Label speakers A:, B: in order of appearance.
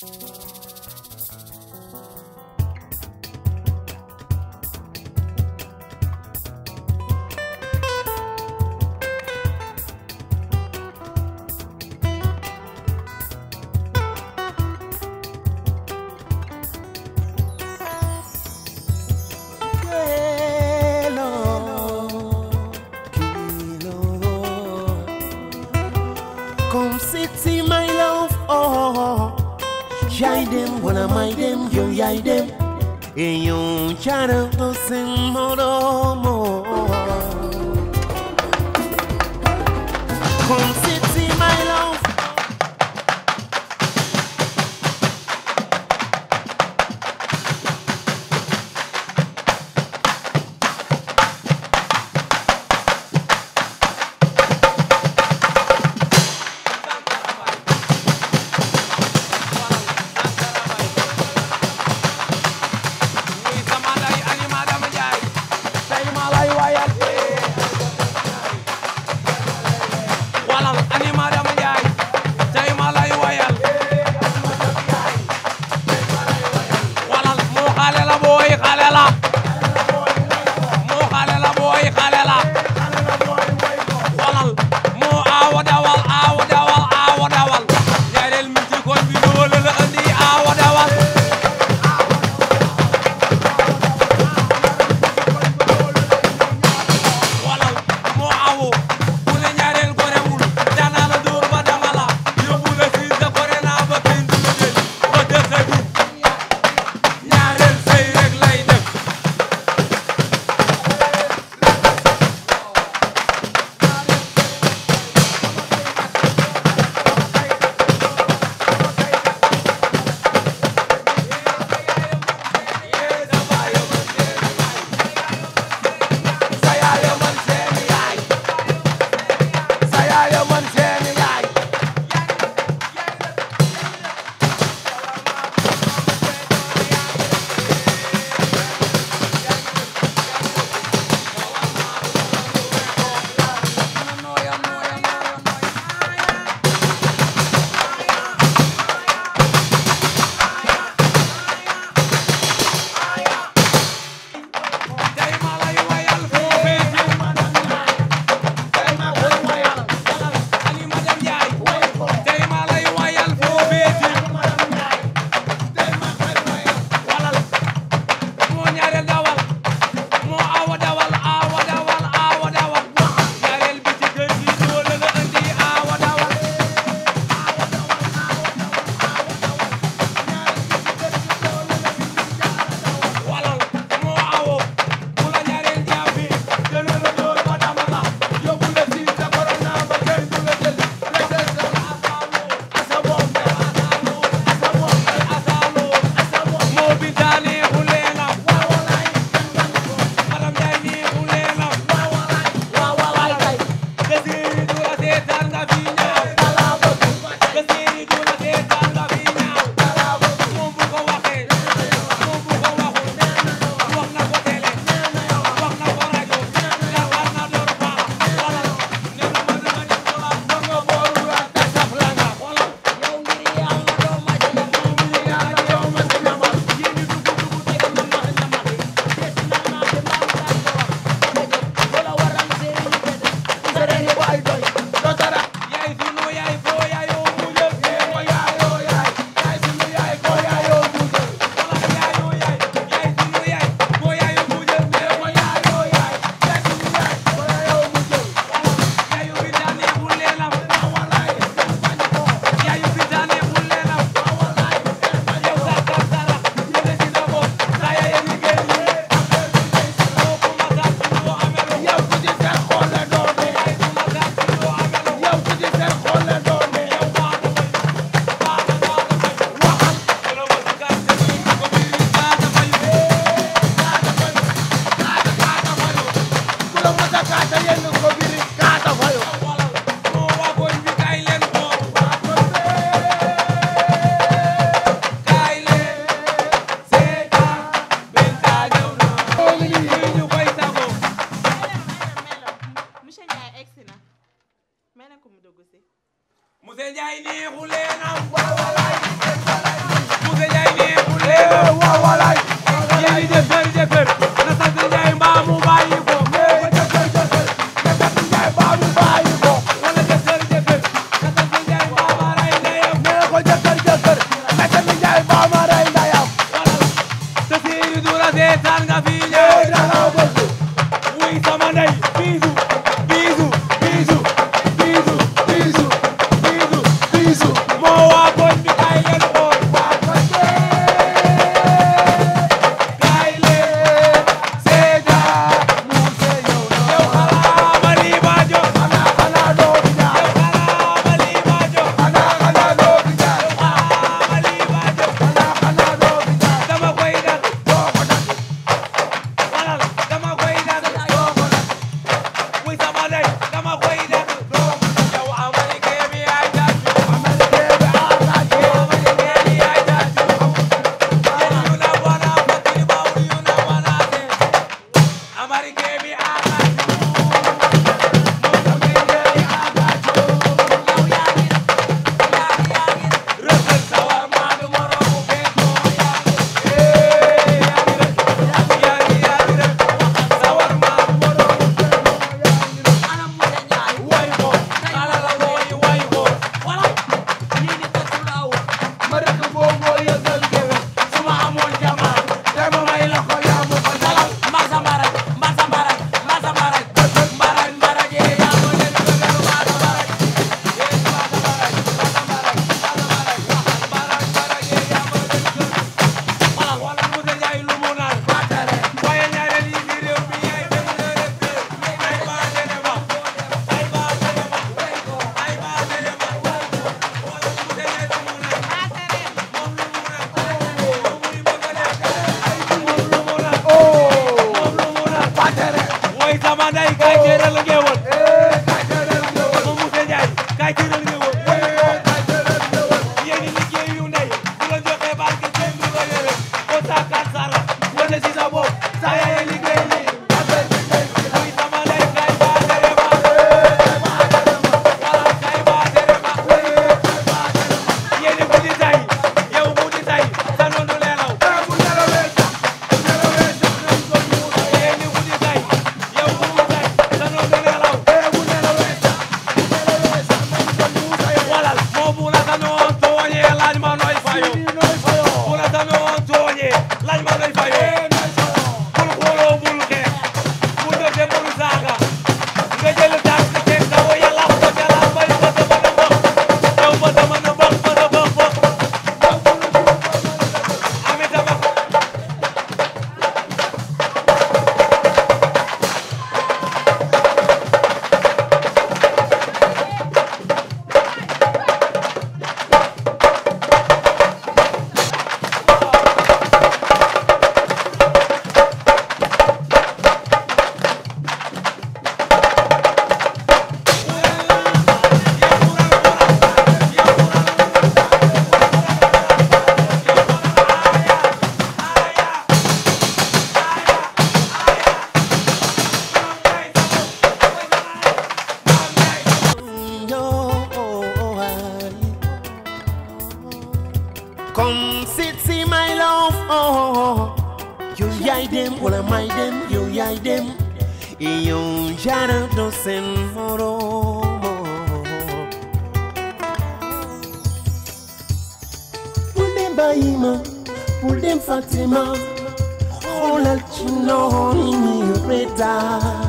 A: Thank you. idem, e un chiaro do sen moromo. gaa yi tey rek la ngeewal My dem, yo yai dem, yo jara do sen moro Pulem baima, pulem fatima, olal chino ni mi reta.